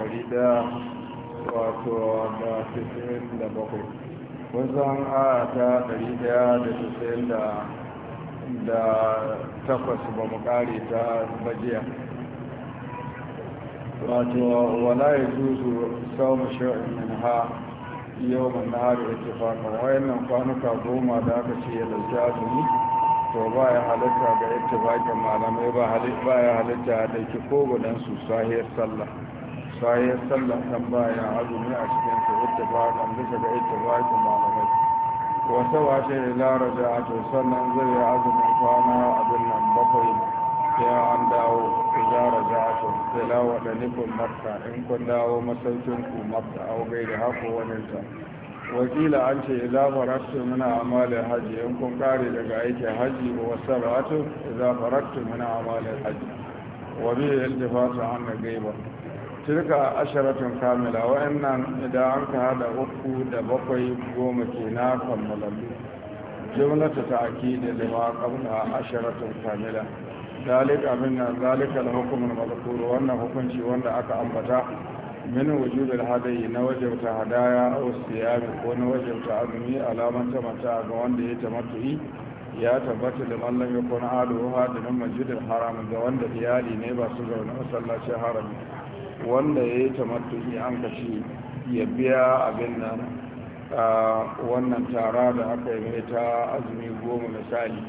ɗaya wato da tisin da bakwai kusan aya ta ɗari ɗaya da tisin da da takwas ba mu ƙare ta bajiya wato wala ya zuzu samun sha'in min ha yau ba na hari da ke faka wayannan kwanuka goma da aka ce ya su ne to ba ya halitta ga yadda bakin malamai ba ya halitta da ke ko gudansu sahiyar sallah bayan sallah kan baya azumi a cikin su ittifaqan bisa ga ittifaqin malamai wata wace da laraja a to sannan zai yi azumin kwana abin nan bakwai ya an dawo laraja a to sai lawa da nufin makka in kun dawo masaukin ku makka a gai da hako wani ta wakila an ce idza faraktum min a'mali hajji in kun kare daga aikin hajji wa sab'atu idza faraktum min a'mali hajji wa bi iltifatu an gaiba tilka asharatun kamila wa'annan idan an ka hada uku da bakwai goma ke na kammalallu jimlata ta aki da lima kamla asharatun kamila dalika minna dalika da hukumin mazakuru wannan hukunci wanda aka ambata min wujubin hadayi na wajabta hadaya a siyami ko na wajabta azumi alaman mata ga wanda ya tamattu'i ya tabbata da mallam ya kuna aluwa da nan masjidil haram ga wanda iyali ne ba su zaune masallacin harami wanda ya yi ya an kashi ya biya abin nan wannan tara da aka yi mai ta azumi goma misali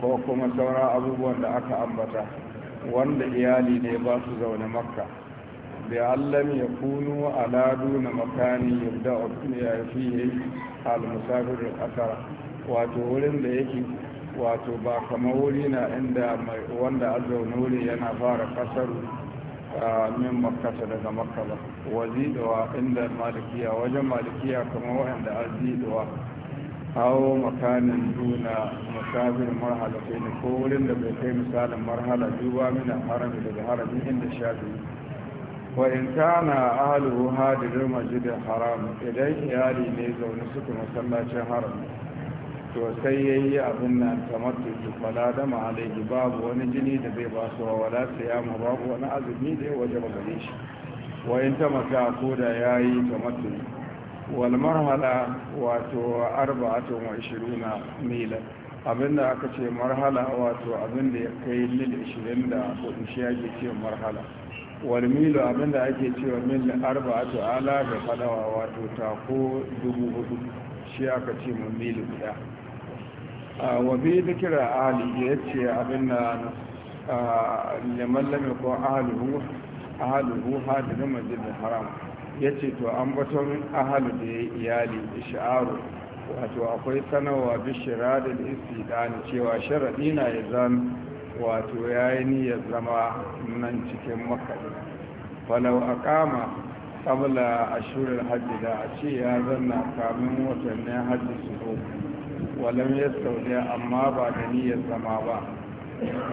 ko kuma sauran abubuwan da aka ambata wanda iyali ne ba su zaune makka da allam ya kunu aladu na makani yadda ya fiye al-musafirin kasar wato wurin da yake wato ba kama wuri na inda wanda azaunuri yana fara kasaru min makkata daga makka ba wa inda malikiya wajen malikiya kamar wanda a zidowa hawo makanin duna musafir marhala sai ne ko wurin da bai kai misalin marhala duba mina harami daga harami inda biyu. wa in kana ahluhu hadirin da haram idan iyali ne zaune suka masallacin harami to sai ya yi abin nan kamar su fala da ma'alaiki babu wani jini da bai ba su wala ta yamu babu wani azumi da ya waje gare shi wayan ta mata ko da ya yi kamar tuki wal marhala wato arba'atun wa ishiruna mila abinda aka ce marhala wato abinda ya kai mil ishirin da kudin shi ake ce marhala wal milu abinda ake ce wa mil arba'atu ala da fadawa wato tako dubu hudu shi aka ce mu milu guda wa bi zikira Ali ya ce abin na liman ko ahaluhu ahaluhu hadirin masjidin haram ya ce to an baton ahalu da ya iyali sha'aru? wato akwai sanarwa bishira da istidani cewa sharaɗi na ya zan wato ya yi niyyar zama nan cikin makaɗi falau a kama kabla a shirin hajji da a ce ya zanna kamin watannin hajji su walam ya sauya amma ba da niyyar zama ba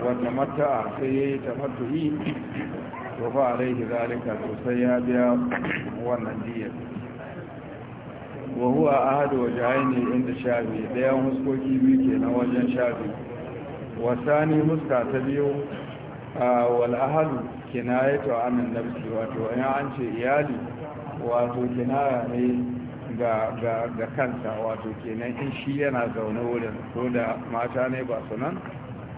wata mata sai ya yi ta matuhi to fa alaihi zalika sosai ya biya wannan niyyar wa huwa ahadu wajhaini inda shafi dayan muskoki biyu ke na wajen shafi wa sani huska ta biyu wal ahadu kinayatu an nafsi wato in an ce iyali wato kinaya ne ga kanta, wato kenan in shi yana zaune wurin ko da mata ne ba su nan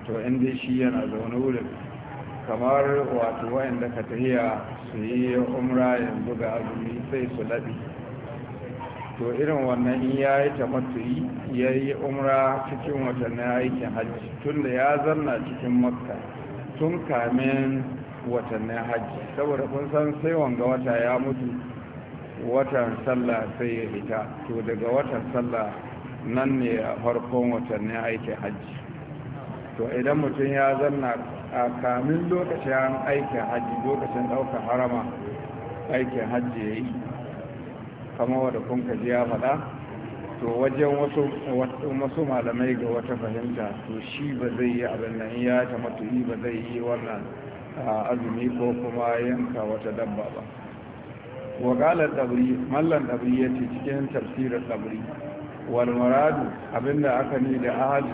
to in dai shi yana zaune wurin kamar wato da ka tahiya su yi umra yanzu ga azumi sai su labi to irin wannan in ya yi tamattuyi ya yi umra cikin watannin aikin hajji tun da ya zanna cikin makka tun kamin watannin hajji saboda kun san sai wanga wata ya mutu watan sallah sai ya fita to daga watan sallah nan ne a farkon watannin aikin hajji to idan mutum ya zanna a kamin lokacin aikin hajji lokacin ɗaukar harama aikin hajji ya yi kama wadda kun ji ya faɗa to wajen wasu malamai ga wata fahimta to shi ba zai yi abin nan ya ta matu'i ba zai yi wannan azumi ko kuma yanka wata dabba ba وقال الدبري ملن دبري يتي cikin tafsirar dabri Walmaradu, muradu abinda aka ne da ahad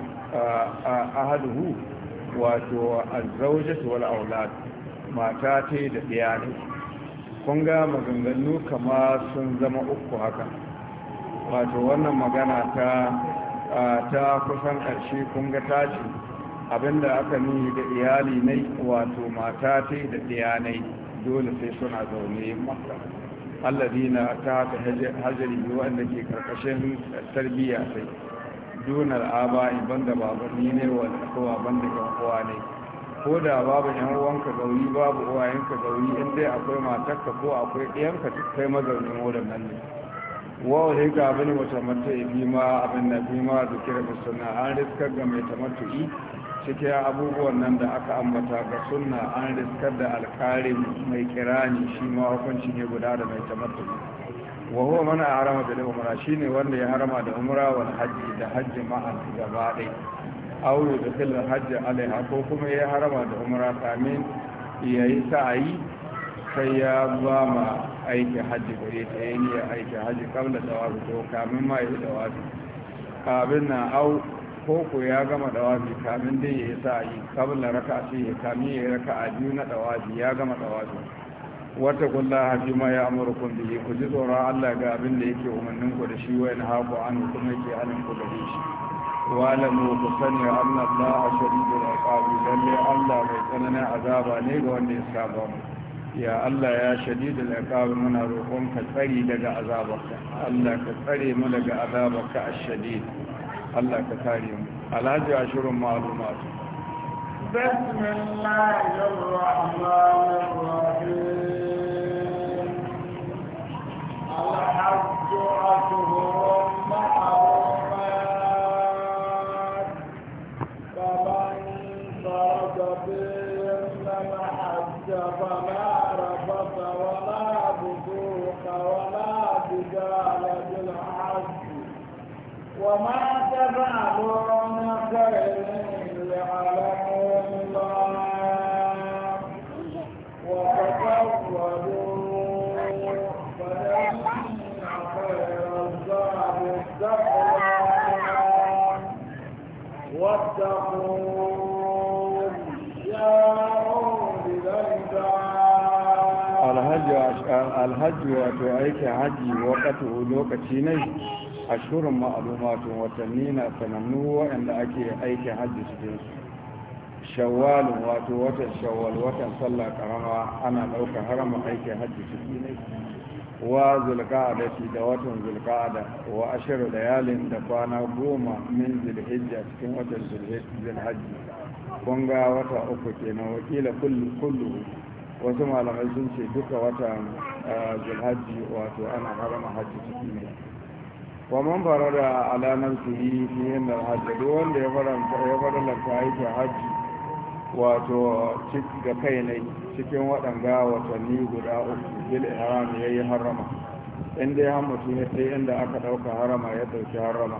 ahaduhu wato azwajatu wal aulad mata ta da ɗaya ne kun ga maganganu kama sun zama uku haka wato wannan magana ta ta kusan ƙarshe kun ga tashi. ce abinda aka nuni da iyali ne wato mata ta da ɗaya ne dole sai suna zaune maka alladina ta ta hajjari wanda ke karkashin tarbiyya sai donar aba iban da babanni ne wanda kowa ban da uwa ne ko da babu yan uwanka gauri babu uwayenka gauri in dai akwai matarka ko akwai ɗiyanka kai mazaunin wurin nan ne wawo da ga abin mutamata ibi ma abin na bi ma da kira musulna an riskar ga mai tamattu'i cikin abubuwan nan da aka ambata ga sunna an riskar da alkari mai kirani shi ma hukunci ne guda da mai tamattu wa huwa mana harama da umra shine wanda ya harama da umra wal hajji da hajji an gaba ɗaya aw yudkhil al hajji alaiha ko kuma ya harama da umra tamin yayi sa'ayi sai ya ba ma aiki hajji gare ta yayi aiki hajji kabla da wasu kamin ma yi da abin na au koko ya gama dawafi kamin dai ya sa yi kabla raka ce ya kami ya raka a biyu na dawafi ya gama dawafi wata kulla hafi ma ya amuru kun ku ji tsoron allah ga abin da yake umarnin ku da shi wa yana haku an kuma yake halin ku gare shi walamu ku sani anna allah a shadidul iqabi lalle allah mai tsananin azaba ne ga wanda ya saba mu ya allah ya da iqabi muna roƙon ka tsari daga azabarka allah ka tsare mu daga azabarka a shadid Allah ka kare mu alhaji ashirin بسم الله الرحمن الرحيم الحج اتهم محرمات فمن صرف بهم لم وما تفعلون خير يعلم الله وتفردوا فلن خير الزاد التقوى واتقوا يا الهج الهج aiki haji wakatu lokaci ne ashurin ma'alumatun watanni na sanannu waɗanda ake aikin hajji cikinsu Shawwal, wato watan shawwal watan sallah karama ana ɗaukar haramun aikin hajji ciki ne wa zulka'ada shi da watan zulka'ada wa ashiru layalin da kwana goma min zulhijja cikin watan zulhajji kun ga wata uku kenan wakila kullu wasu malamai sun ce duka watan eh, zulhajji wato ana harama hajji ciki ne wa man da ala nafsihi fi inda hajji duk wanda ya faranta ya faranta aikin hajji wato ga kai ne cikin waɗanga watanni guda uku bil ihram yi harama In dai ya mutum ya sai inda aka ɗauka harama ya ɗauki harama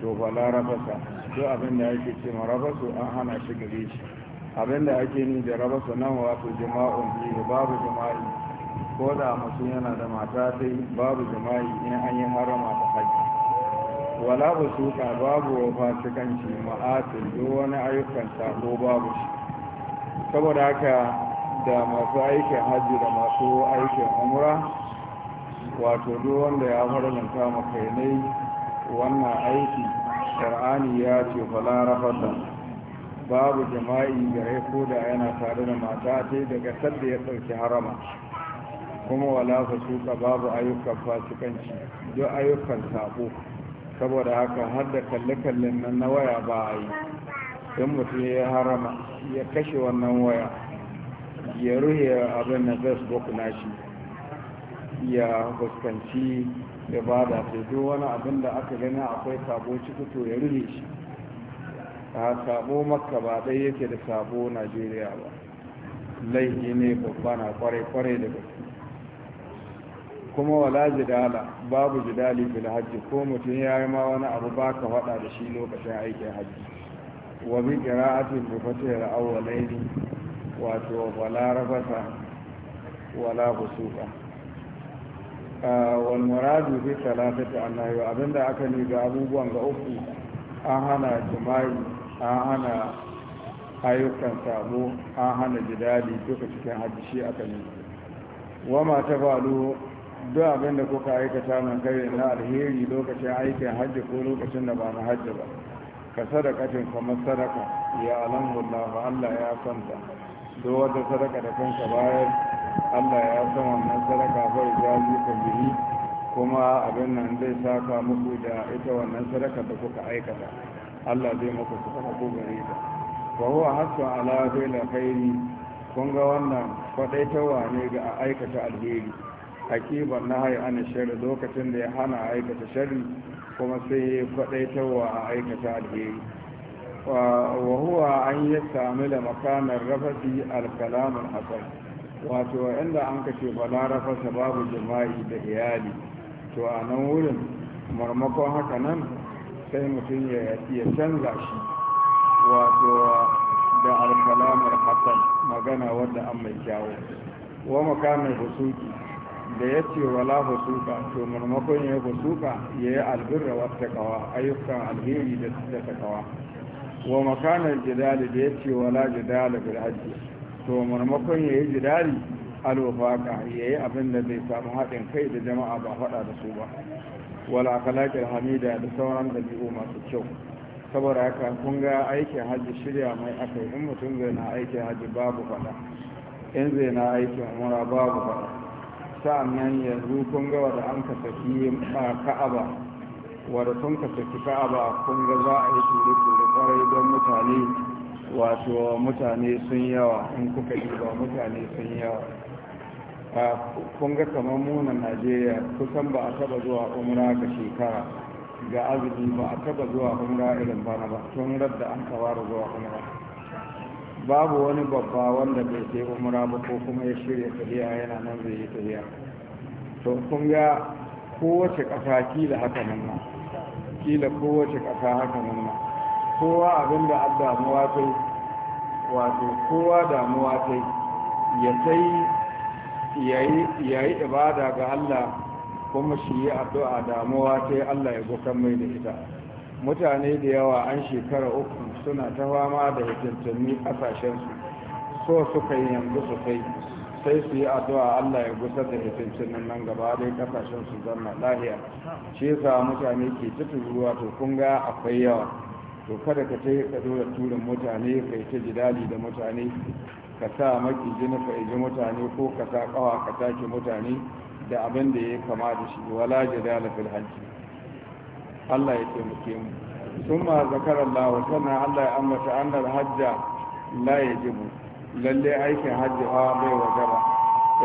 to ba la rafasa duk abin da ake ce ma rafasu an hana shi gare shi abin da ake ni da rafasu nan wato jima'un biyu babu jima'i ko da mutum yana da mata sai babu jima'i in an yi harama ta haji wala bu suka babu wa fasikanci ma'atin duk wani ayyukan ko babu shi saboda haka da masu aikin hajji da masu aikin umra wato duk wanda ya faranta makainai wannan aiki ƙar'ani ya ce fala rafata babu jama'i gare ko da yana tare da mata sai daga sadda ya ɗauki harama kuma wala fasuka babu ayyukan fasikanci duk ayyukan sabo saboda haka har da kalle kalle nan na waya ba a yi don mutum ya harama ya kashe wannan waya ya ruhe abin na facebook nashi ya fuskanci ya ba da duk wani abin da aka gani akwai sabo ciki to ya ruhe shi a sabo makka ba ɗaya yake da sabo najeriya ba laifi ne babba na kwarai-kwarai da gaske kuma wala jidala babu jidali fil hajji ko mutum ya yi ma wani abu ba ka faɗa da shi lokacin aikin hajji wa bi qira'ati bi fatihil awwalaini to wala rafasa wala husuka wal muradu bi salatati annahu abinda aka ni ga abubuwan ga uku an hana jima'i an hana ayyukan sabo an hana jidali duka cikin hajji shi aka ni wa ma tafalu duk abin da kuka aikata na kai na alheri lokacin aikin hajji ko lokacin da ba na hajji ba ka sadakacin kamar sadaka ya alhamdulillah ba Allah ya santa duk wata sadaka da kanka bayar Allah ya san wannan sadaka bai ya ka biyi kuma abin nan zai saka muku da ita wannan sadaka da kuka aikata Allah zai muku su kuma ko gare ta ba huwa hasu ala fil khairi kun ga wannan kwadaitarwa ne ga aikata alheri hakiban na hayi ana shari lokacin da ya hana aikata shari kuma sai ya faɗaitarwa a aikata alheri wa huwa an yi sami da makanar rafafi alkalamun hasan wato inda an kace bala rafasa babu jima'i da iyali to a nan wurin marmakon haka nan sai mutum ya canza shi wato da alkalamar hasan magana wadda an mai kyawo wa makamin husuki da ya ce wala fusuka to maimakon ya fusuka ya yi albirra wa kawa ayyukan alheri da ta kawa. wa makanar jidali da ya ce wala jidali bil hajji to maimakon ya yi jidali alwafaka ya yi abin da zai samu haɗin kai da jama'a ba faɗa da su ba wala akalakin hamida da sauran ɗabi'u masu kyau saboda haka kun ga aikin hajji shirya mai aka yi in mutum zai na aikin hajji babu faɗa in zai na aikin umara babu faɗa sa'annan yanzu kun ga wanda an ka saki ka'aba wadda sun ka saki ka'aba kun ga za a yi ture-ture kwarai don mutane wato mutane sun yawa in kuka ba mutane sun yawa kun ga kamar munan najeriya kusan ba a taba zuwa umra ga shekara ga azumi ba a taba zuwa umra irin bana ba tun radda an kawara zuwa umra babu wani babba wanda bai sai umra ba ko kuma ya shirya tafiya yana nan zai yi tafiya to kun ga kowace ƙasa kila haka nan ma kila kowace ƙasa haka nan ma kowa abin da an damuwa ta wato kowa damuwa ta ya sai ya yi ibada ga Allah kuma shi yi addu'a damuwa ta Allah ya gusan mai da ita mutane da yawa an shekara uku suna ta fama da hikintumi kasashensu so suka yi yanzu su kai sai su yi addu'a Allah ya gusar da hikintumin nan gaba dai kasashen su zanna lahiya shi yasa mutane ke cikin ruwa to kun ga akwai yawa to kada ka ce ka dora turin mutane ka yi ta jidali da mutane ka sa maki jini ka yi mutane ko ka sa kawa ka take mutane da abin da ya kama da shi wala jidala fil Allah ya taimake mu suma zakarar lawatanar allah ya amma sha'anar hajja la ya jibu lalle aikin hajji ba bai wajaba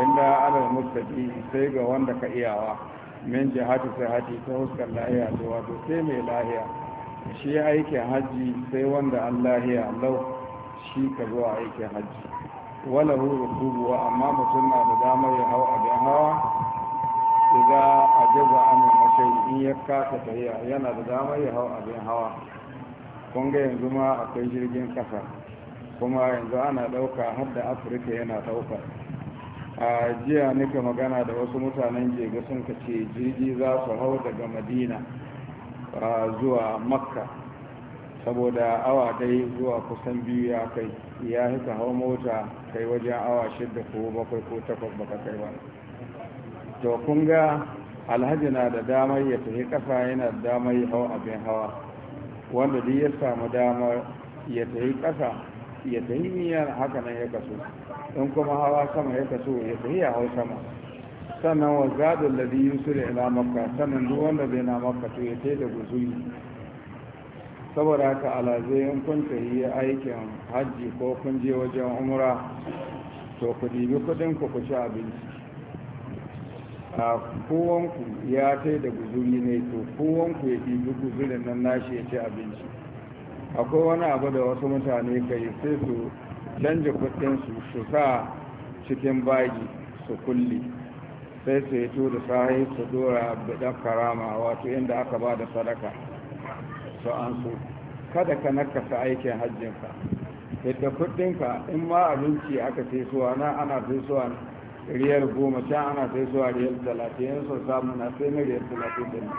inda ala mustaji sai ga wanda ka iyawa min jihati sai hati ta huskar lahiya da wato sai mai lahiya shi aikin hajji sai wanda an lahiya lau shi ka zo aikin hajji wala hu rukubuwa amma mutum na da damar ya hau abin hawa Ida a jaza amin mashai in ya kasa tafiya yana da damar ya hau abin hawa kun ga yanzu ma akwai jirgin kasa kuma yanzu ana ɗauka har da afirka yana ɗauka a jiya nika magana da wasu mutanen jega sun ka ce jirgi za su hau daga madina zuwa makka saboda awa dai zuwa kusan biyu ya kai ya hita hau mota kai wajen awa shidda ko bakwai ko takwas baka kai ba to kun ga alhaji na da damar ya tafi kasa yana da damar yi hau abin hawa wanda duk ya samu damar ya tafi kasa ya tafi niyyar haka nan ya kaso in kuma hawa sama ya kaso ya tafi ya hau sama sannan wa zadun da biyu su da ina maka, sannan duk wanda bai na maka, to ya tafi da guzuri saboda haka alhaji in kun tafi aikin hajji ko kun je wajen umra to ku dibi kuɗin ku ku ci abinci a kowanku ya tai da guzuri ne to kowanku ya ɗibi guzurin nan nashi ya ci abinci akwai wani abu da wasu mutane ka yi sai su canja kuɗinsu su sa cikin bagi su kulle sai su yi da sahi su dora bidan karama wato inda aka ba da sadaka su an so kada ka nakasa aikin hajjinka yadda kuɗinka, in ma abinci aka fesuwa na ana fesuwa riyar goma sha ana sai zuwa riyar talatin so samu na sai na riyar talatin da na.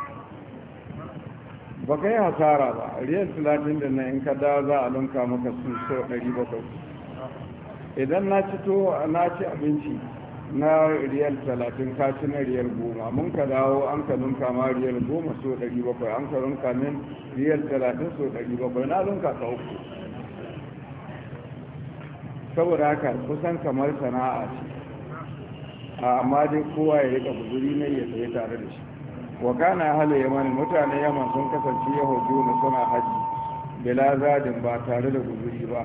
ba ka yi hasara ba riyar talatin da na in ka da za a lunka maka sun so ɗari bakwai idan na ci to na ci abinci na riyal talatin ka ci na riyal goma mun ka dawo an ka lunka ma riyal goma so ɗari bakwai an ka lunka min riyal talatin so ɗari bakwai na lunka ta uku saboda haka kusan kamar sana'a ce amma dai kowa ya rika guzuri ne ya tsaye tare da shi wa kana hala yaman mutane yaman sun kasance yahudu na suna haji bila zadin ba tare da guzuri ba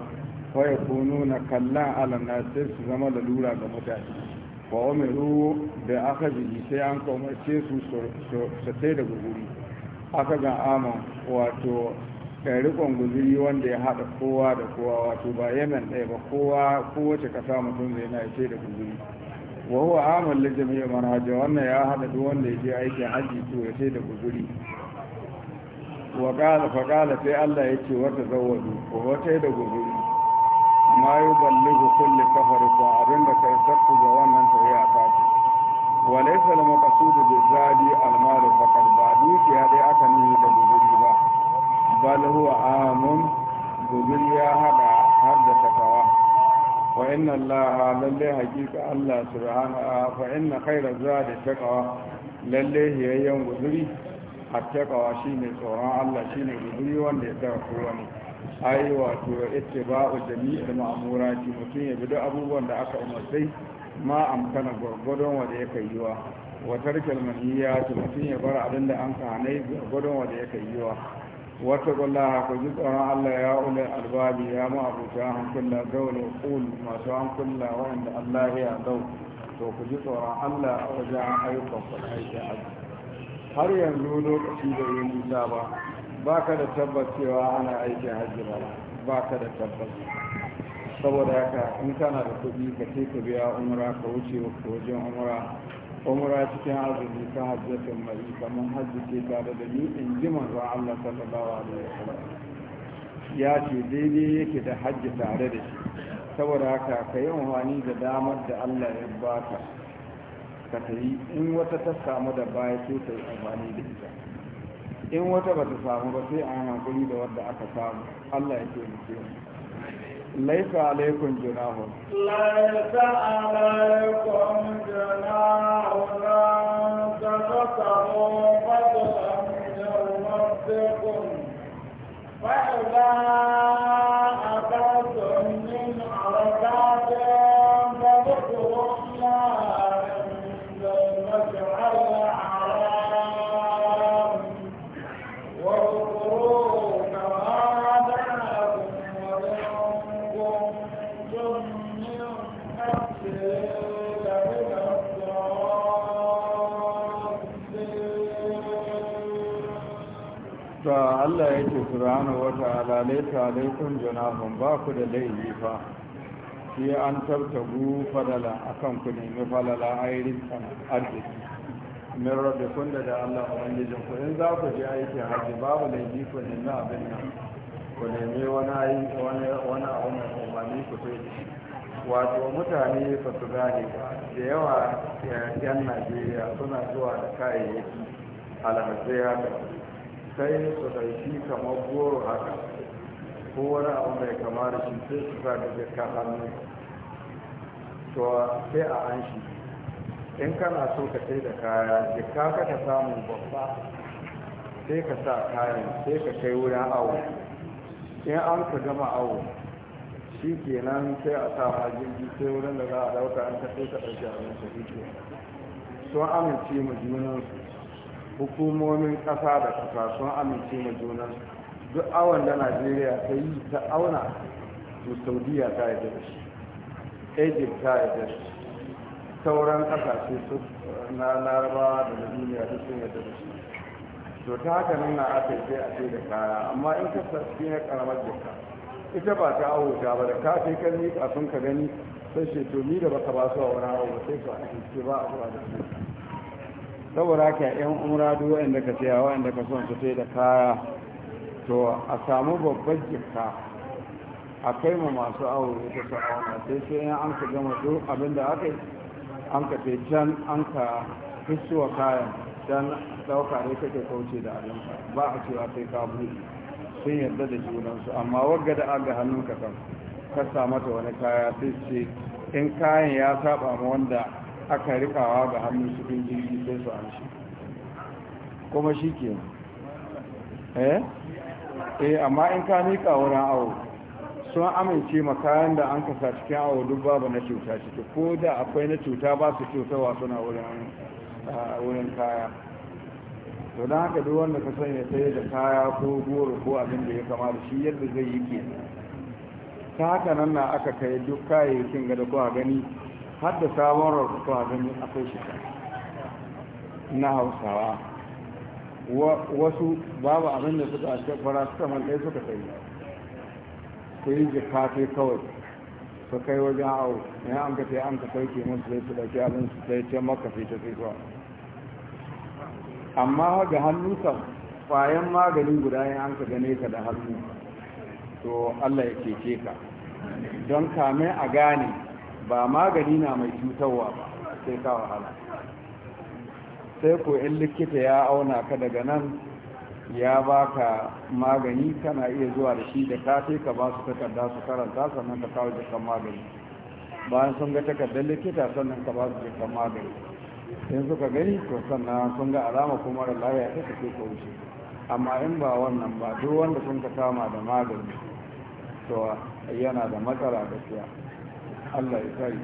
kawai kunu na kallon alamna sai su zama lalura ga mutane wa umaru da aka jiji sai an kamarce su sosai da guzuri aka ga aman wato kai rikon guzuri wanda ya haɗa kowa da kowa wato ba yamen ɗaya ba kowa kowace ƙasa mutum zai na ce da guzuri wa huwa amal li jami'i man wannan ya hada duk wanda yake aikin haji to ya sai da guzuri wa qala fa qala sai Allah yake wa tazawwadu ko wata da guguri ma yuballighu kulli kafar ta abinda kai sakku ga wannan tawiya ta ce wa laysa al maqsud bi zadi al mal faqad ba dukiya dai aka ni da guguri ba bal huwa amun guzuri ya hada har da takawa فإن الله للي حقيق الله سبحانه فإن خير الزاد التقوى للي هي يوم غذري التقوى شيني صورا الله شيني غذري وان تغفواني أي واتو اتباع جميع المعمورات مكين يبدأ أبو وان دعك أمسي ما أمكان غرغدون وديك يكيوا وترك المنهيات مكين يبرع لنده أنك عني غرغدون وديك يكيوا wata kula ku ji tsoron Allah ya ule albabi ya mu abuja hankula gaula kul masu hankula wanda Allah ya dau to ku ji tsoron Allah a wajen ayyukan kwanaki a har yanzu lokaci da yi nisa ba ba ka da tabbas cewa ana aiki hajji ba ba ka da tabbas saboda haka in kana da kuɗi ka ce ka biya umara ka wuce wajen umara umra cikin azumi ta hajjatin mai kamar hajji ke tare da ni in ji manzo Allah sallallahu alaihi wasallam ya ce daidai yake da hajji tare da shi saboda haka ka yi amfani da damar da Allah ya baka ka ta yi in wata ta samu da baya sai ta yi amfani da ita in wata ba ta samu ba sai an hankali da wadda aka samu Allah ya ce mu Laisa alaikun junahun laifa alaikun junahun ta tattaro a jarmattakun fa'ida a ƙasar min a Allah ya ce wata wata'ala laita alaikum janahun ba ku da laifi fa shi an tabtagu fadala akan ku nemi falala ayyukan arziki min kun da da Allah a wani ku in za ku je aiki haji babu laifi ku nemi abin nan ku nemi wani ayi wani wani abin da umarni ku sai wato mutane ba su gane ba da yawa eh, yan Najeriya suna zuwa da kayayyaki alhassai haka sai su ɗauki kamar goro haka ko wani abu mai kamar shi sai su sa da jaka hannu to sai a an shi in kana so ka sai da kaya jaka ka ka samu babba sai ka sa kayan sai ka kai wurin awo in an ka gama awo shi kenan sai a sa majinji sai wurin da za a dauka an ka sai ka ɗauki abin su shi ke sun amince mu su hukumomin ƙasa da ƙasa sun amince ma junan duk awon da najeriya ta yi ta auna to saudiya ta yi da shi egypt ta yi shi sauran ƙasashe su na larabawa da na duniya duk sun yi to ta haka nan na aka sai a ce da kaya amma in ka sassi na karamar jirka ita ba ta awo ta ba da ka kai kan yi kafin ka gani sai ce to ni da baka ba su a wani awo sai su a ba a zuwa da su saboda ka yan umra duk wanda ka saya wanda ka son su sai da kaya to a samu babbar jikka a kai ma masu awo ta su auna sai sai an ka gama duk abin da aka yi an ka sai can an ka fisuwa kayan can dauka ne kake kauce da abin ba a cewa sai ka buɗe sun yarda da junansu amma wagga da aga hannun ka kan ka mata wani kaya sai ce in kayan ya saba ma wanda aka rikawa ga hannun cikin jirgin sai su an shi kuma shi ke eh eh amma in ka nika wurin awo sun amince makayan da an kasa cikin awo duk babu na cuta ciki ko da akwai na cuta ba su cutarwa suna wurin ah, kaya to don haka duk wanda ka sanya sai da kaya ko goro ko abin da ya kama shi yadda zai yi ke ta haka nan na aka kai duk kayayyakin ga da kuwa gani Hadda sabon rahoto a gani akwai shi na hausawa wasu babu abin da suka ashe fara suka mantai suka kai su yi jika kawai su kai wajen hau ya an ka sai an ka sauke musu sai su dauki abin su sai ce maka fi ta sai amma ga hannu kan kwayan maganin guda ya an ka gane ka da hannu to allah ya keke ka don kame a gane ba magani na mai cutarwa ba sai ka wahala sai ko in likita ya auna ka daga nan ya baka magani kana iya zuwa da shi da kafe ka ba su takarda su karanta sannan ka kawo jikan magani bayan sun ga takardar likita sannan ka ba su jikan magani in suka gani to sannan sun ga alama kuma da lafiya ta take ko wuce amma in ba wannan ba duk wanda sun ka kama da magani to yana da matsala gaskiya Allah ya kare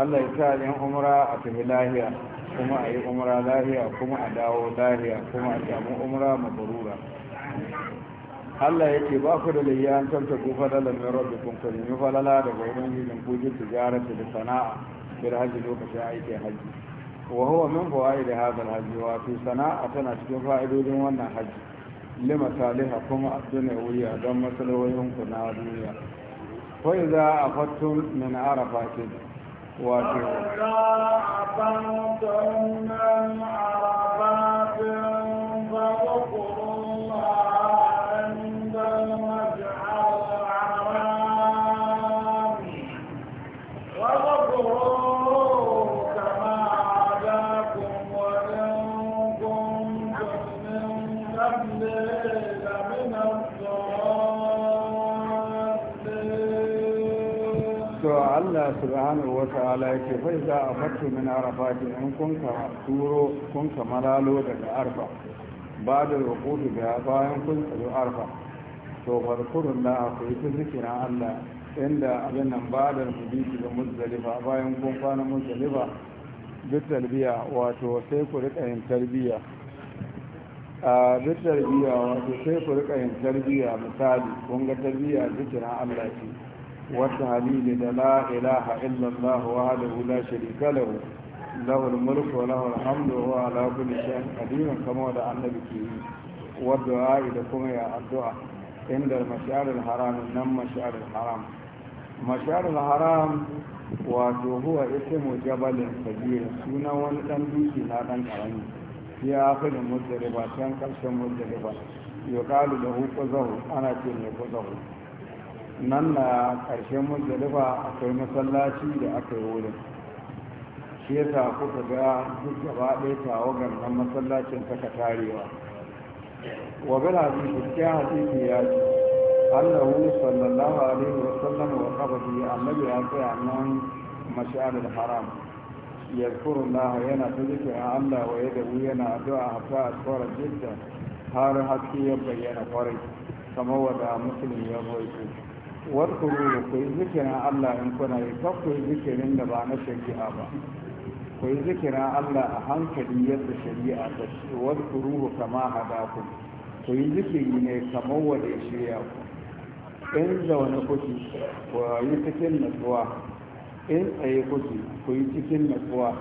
Allah ya sa yin umra a tafi lahiya kuma a yi umra lahiya kuma a dawo lahiya kuma a samu umra mabarura Allah ya ce ba ku da layya an tanta ku fadala min rabbikum ka nemi falala daga ubangijin yin kujin tijara da sana'a bir haji lokacin aiki hajji wa huwa min fawaid hadha al-hajji wa fi sana'a tana cikin fa'idodin wannan hajji lima taliha kuma ad wuya dan don masalahoyin ku na duniya wai za a fattun min arafa ce wato subhanahu wa ta'ala yake fa a afattu min arafat in kun ka turo kun ka malalo daga arfa ba da rukutu da bayan kun tsaro arfa to farkurun da ku yi ta Allah inda abin nan ba da mubiki da muzdalifa bayan kun kwana muzdalifa duk talbiya wato sai ku rika yin talbiya a duk talbiya wato sai ku rika yin talbiya misali kun ga talbiya zikirin Allah ce والتهليل لا إله إلا الله وعده لا شريك له له الملك وله الحمد وهو على كل شيء قديم كما دعا النبي كيه والدعاء لكم يا الدعاء عند المشعر الحرام نم مشعر الحرام مشعر الحرام وهو اسم جبل كبير سنة ولدن دوشي لا تنكرني في آخر المزدلبة كان كرش المزدلبة يقال له قزه أنا كل قزه nan na ƙarshen muzdalifa akwai masallaci da aka yi wurin shi yasa kuka ga duk gaba ɗaya tawagar nan masallacin saka tarewa wa bil hadisi a hadisi ya ce Allahu sallallahu alaihi wa sallam wa qabati annabi ya tsaya nan mash'arul haram yadhkuru Allah yana ta Allah wa yadahu yana addu'a hatta asfara jidda har haske ya bayyana kwarai kamar wada musulmi ya ku. da ku yi zikirin Allah in kuna yi kaf ku yi zikirin da ba na shari'a ba ku yi zikirin Allah a hankali yadda shari'a ta ce wadkuru kama hada ku ku yi zikiri ne kamar wanda ya shirya ku in zaune kuke ku yi cikin natsuwa in tsaye kuke ku yi cikin natsuwa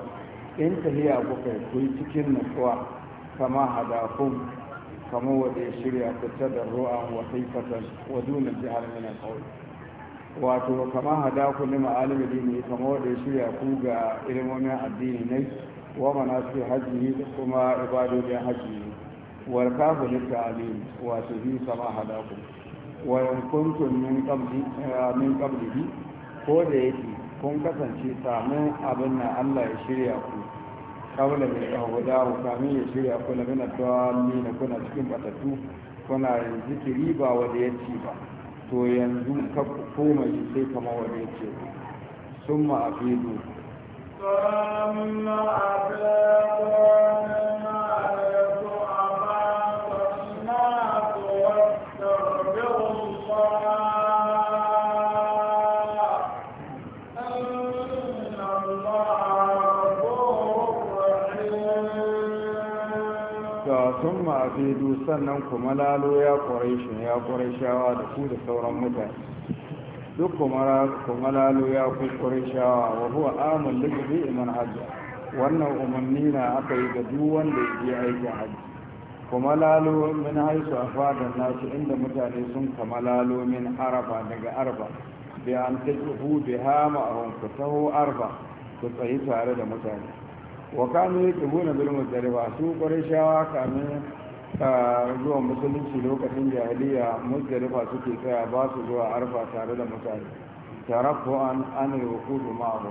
in tahiya kuka ku yi cikin natsuwa kama ku kamar wanda ya shirya fitar da ru'an wa haifatan wa dunan jihar min alqawl wato kama hada ku ne ma'alimi dini kama wanda ya shirya ku ga ilmomin addini ne wa manasi hajji da kuma ibadodin hajji wal kafu litta'alim wato bi kama hada ku wa in kuntum min ko da yake kun kasance samun abin Allah ya shirya ku kawula mai a kamin ya shirya kuna mina tuwali na kuna cikin batattu kuna zikiri ba wanda ya ci ba to yanzu ka koma sai kama wanda ya ce sun ma a zuwa fafidu sannan ku malalo ya shi ya shawa da ku da sauran mutane duk ku malalo ya ku ƙwarashawa wa huwa amin lukubi iman hajji wannan umarni na aka yi ga duk wanda ya je aikin hajji ku malalo min haisu a fadar nasu inda mutane sun ka malalo min arafa daga arfa bi an taƙi bi hama a ku taho arfa ku tsayi tare da mutane wa kanu yake huna bil muzdalifa su shawa kamin zuwa musulunci lokacin jahiliya muzdalifa suke tsaya ba su zuwa arfa tare da mutane tarafu an anil kudu ma'abu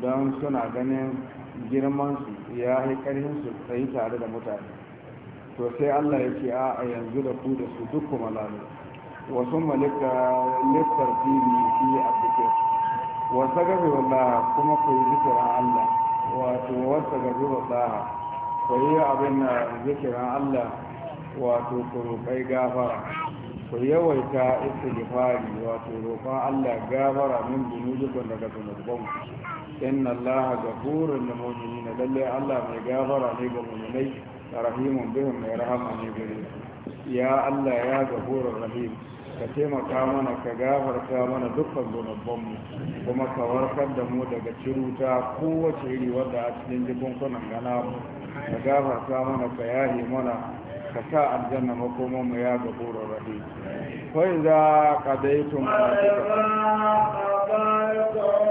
don suna ganin girman su ya yi karhin su tsayi tare da mutane to sai Allah ya ce a a yanzu da ku da su duk kuma lalu wasu malika littar fili fi a cikin wasu gabe wallaha kuma ku yi zikirin Allah wato wasa gabe wallaha ku yi abin eh, zikirin Allah wato ku gafara ku yawaita istighfari wato roƙon Allah gafara min dunubikum daga zunuban inna Allah ghafurun lil na lalle Allah mai gafara ne ga mu'minai rahimun bihim mai rahama ne gare ya Allah ya ghafurur rahim ka taimaka mana ka gafarta mana dukkan mu kuma ka warkar da mu daga ciruta kowace iri wadda a cikin jikunkunan gana ka gafarta mana ka yahe mana kasa sa aljanna makoman mu ya gafurur rahi fa idza qadaytum qadaytum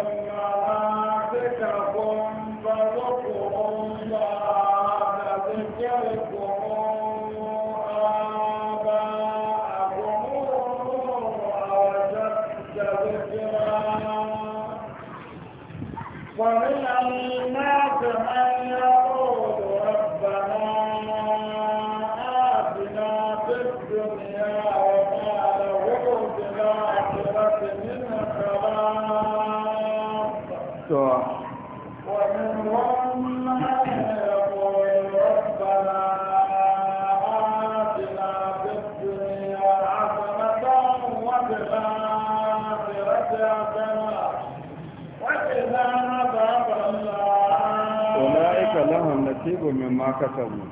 aka samu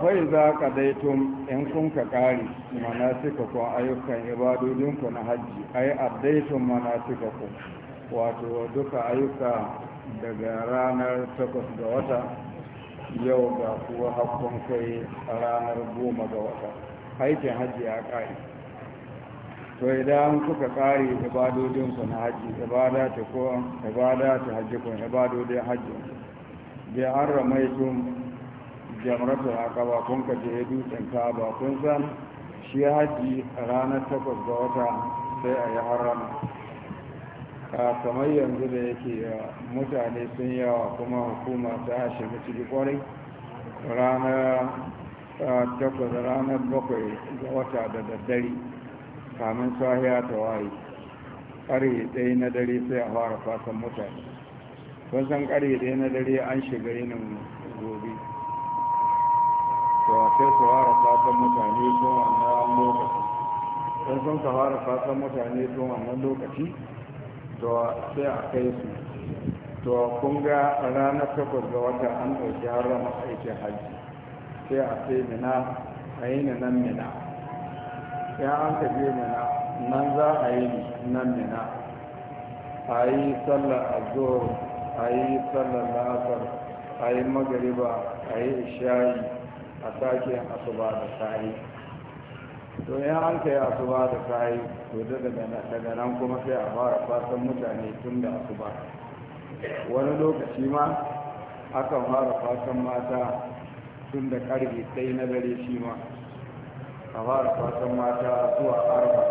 kawai za ka tun in kun ka ƙari mana suka ku ayyukan ibadodinku na hajji a yi adaitun mana suka ku wato duka ayyuka daga ranar 8 ga wata yau da kuwa hakkun kai a ranar goma ga wata haikin hajji ya ƙari to idan kuka ƙari ibadodinku na hajji ibada ta ko ibada ta hajji kun ibadodin hajji bi an ramaitun a aqaba kun ka je dutsen kaba kun san shi hajji ranar takwas ga wata sai a yi harama kamar yanzu da yake mutane sun yawa kuma hukuma ta shiga ciki kwarai ranar ranar bakwai ga wata da daddare kamin sahiya ta waye ƙarfe ɗaya na dare sai a fara fasan mutane kun san ƙarfe ɗaya na dare an shiga yinin gobe Ta sai su fara fasan mutane tun wannan lokaci sun sun ka fara fasan mutane tun wannan lokaci to sai a kai su to kun ga ranar takwas ga wata an ɗauki har rama aikin hajji sai a kai mina a yi ni nan mina ya an ka biyo mina nan za a yi ni nan mina a yi sallar azur a yi sallar la'asar a yi magariba a yi ishayi a sake asuba da sa'i to ya an kai asuba da kayi to daga nan kuma sai a fara fasan mutane tun da asuba wani lokaci ma akan fara fasan mata tun da karfe sai na dare shi ma a fara fasan mata zuwa arba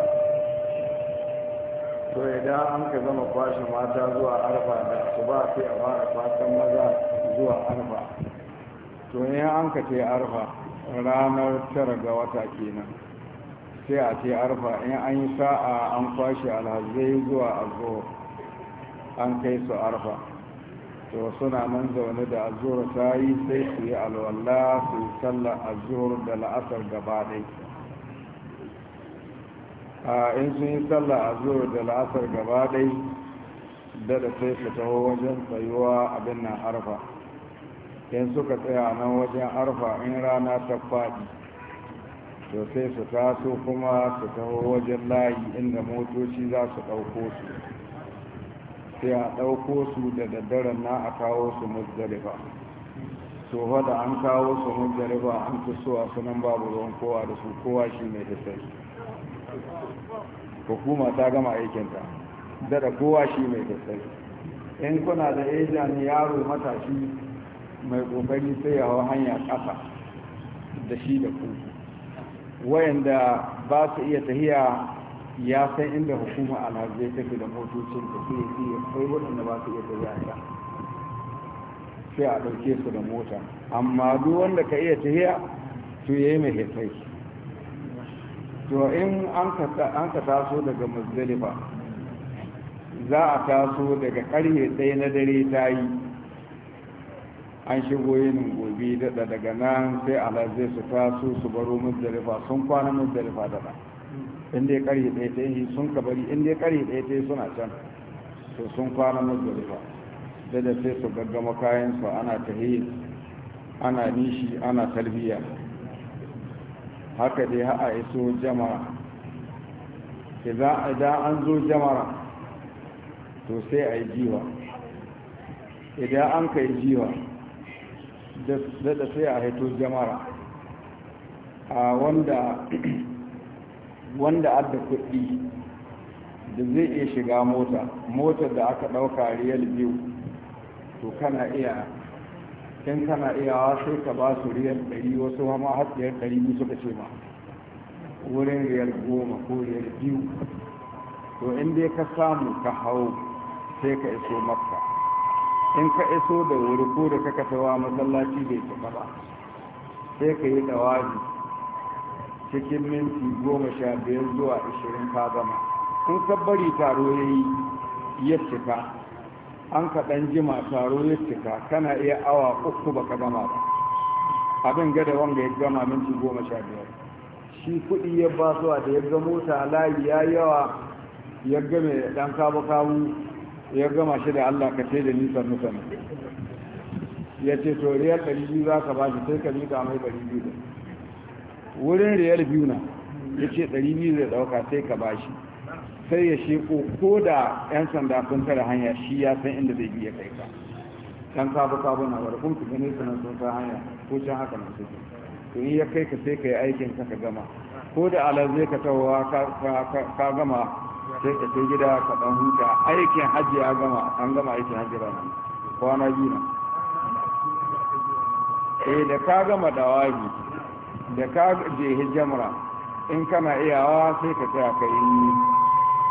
to idan an ka zama kwashe mata zuwa arba da asuba sai a fara fasan maza zuwa arba to ne an ka ce arba ranar tara ga wata kenan sai a ce arfa in an yi sa'a an kwashe alhazai zuwa azuwa an kai su arfa to suna nan zaune da azuwar ta yi sai su yi alwalla su yi sallar azuwar da la'asar gaba ɗai in sun yi sallar azuwar da la'asar gaba ɗai dada sai su taho wajen tsayuwa abin nan arfa in suka tsaya nan wajen arfa in rana ta faɗi to sai su taso kuma su taho wajen layi inda motoci za su ɗauko su sai a ɗauko su da daddaren na a kawo su muzdalifa so da an kawo su muzdalifa an fi so a sunan babu ruwan kowa da su kowa shi mai hisai hukuma ta gama aikinta dada kowa shi mai hisai in kuna da ejan yaro matashi mai ƙoƙari sai ya hau hanya ƙasa da shi da kuku wayanda ba su iya tahiya ya san inda hukuma alhazai take da motocin da ke yi akwai waɗanda ba su iya tahiya ta sai a ɗauke su da mota amma duk wanda ka iya tahiya to ya yi mai to in an ka taso daga muzdalifa za a taso daga karhe ɗaya na dare ta yi an shigo yin gobe daɗa daga nan sai alhazai su taso su baro muzdalifa sun kwana muzdalifa ba inda ya ƙarye ɗaya ta yi sun ka bari inda ya ƙarye ɗaya ta yi suna can to sun kwana muzdalifa da sai su gaggama kayansu ana tahiyyi ana nishi ana talbiya haka dai ha'a iso jama'a idan an zo jama'a to sai a yi jiwa idan an ka yi jiwa da sai a haito jamara a wanda wanda adda kuɗi da zai iya shiga mota motar da aka ɗauka riyal biyu to kana iya kin kana iyawa sai ka ba su riyal ɗari wasu hama har riyal ɗari biyu suka ce ma wurin riyal goma ko riyal biyu to in dai ka samu ka hau sai ka iso makka in ka iso da wuri ko da ka kasawa masallaci bai cika ba sai ka yi dawaji cikin minti goma sha biyar zuwa ashirin ka gama in ka bari taro ya yi ya cika an ka ɗan jima taro ya cika kana iya awa uku ba ka gama ba abin gada wanda ya gama minti goma sha biyar shi kuɗi ya ba da ya ga mota layi ya yawa ya game ɗan kabu kabu ya gama shi da Allah ka ce da ni mutane ya ce to riyal ɗari biyu za ka bashi sai ka miƙa mai ɗari biyu da wurin riyal biyu na ya ce ɗari biyu zai ɗauka sai ka bashi sai ya sheko ko da 'yan sanda sun tara hanya shi ya san inda zai biya kai ka can sabu sabu na wani kun ku gane sanar sun tara hanya ko can haka na suke to in ya kai ka sai ka yi aikin ka ka gama ko da alar zai ka tawowa ka gama sai ka ce gida ka dan huta aikin hajji ya gama an gama aikin hajji ba nan kwana biyu na eh da ka gama waji da ka je hijjamra in kana iyawa sai ka tsaya ka yi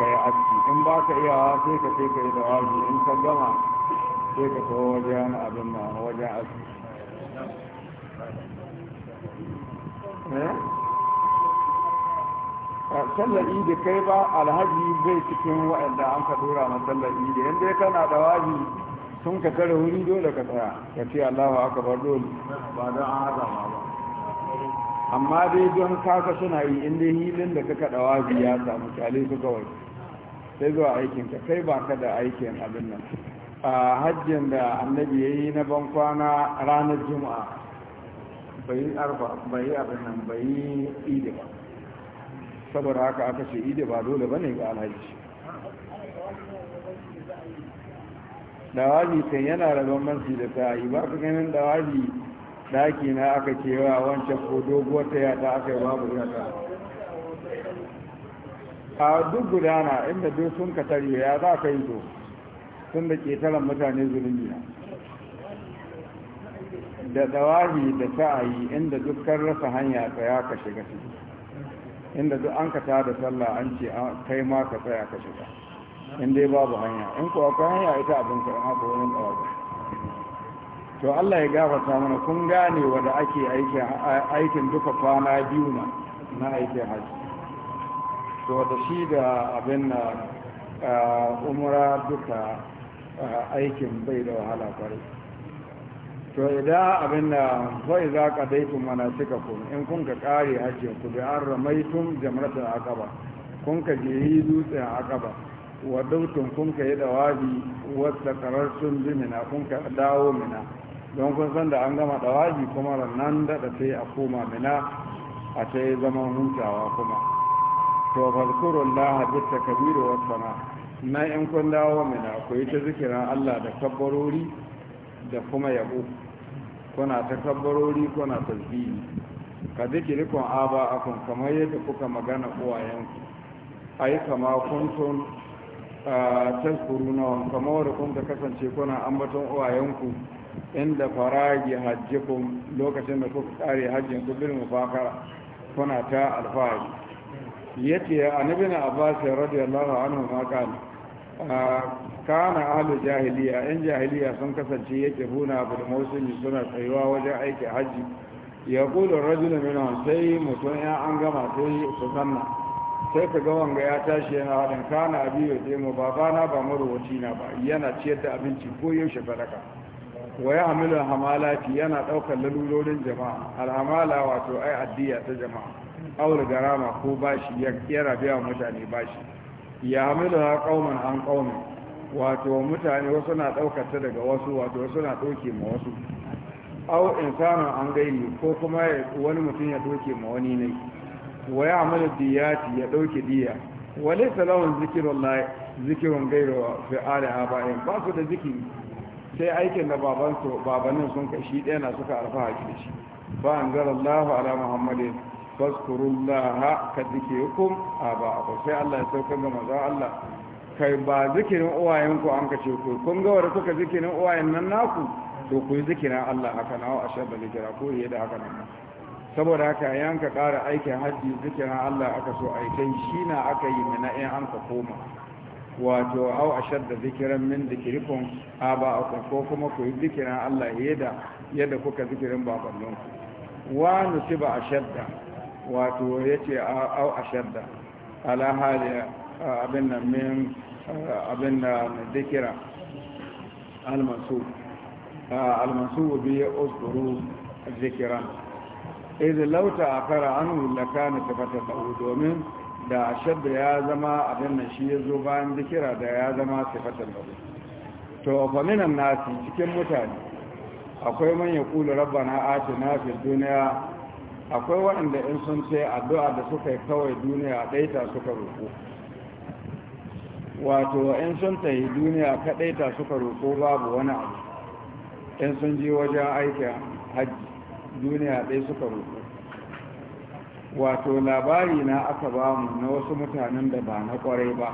ka yi aski in ba ka iyawa sai ka sai ka yi waji in ka gama sai ka kawo wajen abin nan wajen aski eh? sallar da kai ba alhaji bai cikin waɗanda an ka dora ma sallar da yadda kana da waji sun ka kare wuri dole ka tsaya ka ce allahu aka bar dole ba don an haɗa ma ba amma dai don kaka suna yi inda hilin da ka kaɗa waji ya samu kyale su kawai sai zuwa aikin ka kai ba ka da aikin abin nan a hajjin da annabi ya yi na bankwana ranar juma'a bai yi arba bai yi abin nan bai yi idi ba saboda haka aka ce ide ba dole bane ga alhaji Dawaji kan yana rabon mansi da ta yi ba ka ganin dawaji? daki na aka cewa wancan ko doguwar ta yata aka yi babu yata a duk gudana inda duk sun ka tarye ya za ka yi to sun da ƙetaren mutane zulumi na da dawaji da sa'ayi inda dukkan rasa hanya ta ka shiga ciki inda duk an ka da sallah an ce ah, kai ma ka tsaya ka shiga in dai babu hanya in kuwa ka hanya ita abin ka ma ko wani tsawaga to Allah ya gafarta mana kun gane wanda ake aikin aikin duka kwana biyu na na aikin haji to da shi da abin na eh, umra duka eh, aikin bai da wahala kwarai to idan abin da zai za ka daitun mana suka ku in kun ka kare hajji ku bi an ramai tun jamrata a kaba kun ka dutse dutsen kaba wa dautun kun ka yi dawabi wata karar sun bi mina kun ka dawo mina don kun san da an gama dawabi kuma rannan daɗa sai a koma mina a ta yi zaman hutawa kuma to falkurun laha duk kabiru wasu na in kun dawo mina ku yi ta zikiran allah da kabbarori da kuma yabo kuna ta kabbarori kuna tasbihi ka kun aba akun kamar yadda kuka magana uwayenku ai kama kun kuntun tasburu na kama wadda kun ka kasance kuna ambaton uwayenku inda faragi kun lokacin da kuka kare hajjin ku bil mufakara kuna ta alfahari yace annabi na abbas radiyallahu anhu ma kana kana alu jahiliya yan jahiliya sun kasance yake huna da musulmi suna tsayuwa wajen aiki hajji. ya kula rajulun minhum sai mutum ya an gama sai su sanna sai ka ga wanga ya tashi yana hadin kana abiyo ce mu babana ba marubuci na ba yana ciyar da abinci ko yaushe sadaka wa ya hamilu hamalati yana ɗaukar lalurorin jama'a alhamala wato ai addiya ta jama'a aure garama ko bashi ya biya mutane bashi ya hamilu qauman an qaumin wato mutane wasu na ɗaukata daga wasu wato wasu na ɗauke ma wasu au insanin an gaini ko kuma wani mutum ya ɗauke ma wani ne wa ya amala diyati ya ɗauke diya wale salawun zikirun la zikirun gairo fi ala abayin ba su da zikiri sai aikin da babansu babanin sun kashi ɗaya na suka arfa haƙi da shi ba an zara Allah ala Muhammadin faskurullaha ka zikirkum aba sai Allah ya saukar ga manzo Allah kai ba zikirin uwayenku an kace ku kun ga wanda kuka zikirin uwayen nan naku to ku yi zikirin Allah haka na a shabba zikira ko yi da haka nan saboda haka ka ƙara aikin hajji zikirin Allah aka so aikin shi na aka yi mana in an ka koma wato au a zikiran min zikirikun aba ba ko kuma ku yi zikirin Allah yadda yadda kuka zikirin babanninku wa nusiba ashadda wato yace au ashadda ala haliya abin da min abin da dikira almasu ah, almasu bi usburu dikira idan lauta akara an lakana tafata lahu domin da shabda ya zama abin da shi ya zo bayan dikira da ya zama tafata lahu to fa minan nasi cikin mutane akwai man ya kula rabbana atina fid duniya akwai waɗanda in sun ce addu'a da suka yi kawai duniya ɗaita suka roƙo wato in sun yi duniya kaɗai ta suka roƙo babu wani abu in sun je wajen aikin hajji duniya ɗai suka roƙo wato labari na aka ba mu na wasu mutanen da ba na ƙwarai ba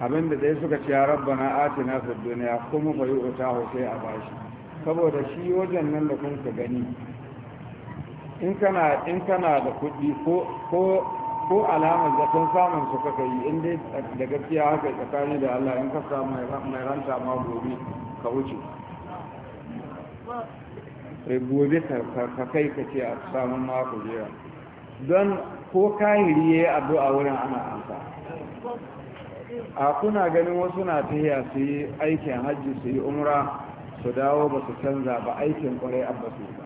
abinda ɗai suka ce ya rabba na ati na duniya kuma fa yi utahu sai a bashi saboda shi wajen nan da kun gani in kana da kuɗi ko ko alamar da sun samun su kaka yi in dai da gaskiya haka tsakani da Allah in ka samu mai ranta ma gobe ka wuce eh, gobe ka kai ka ce a samun mako, jera don ko kahiri ya yi addu'a wurin ana amsa a kuna ganin wasu na tahiya su yi aikin hajji su yi umra su dawo ba su canza ba aikin kwarai abbasu ba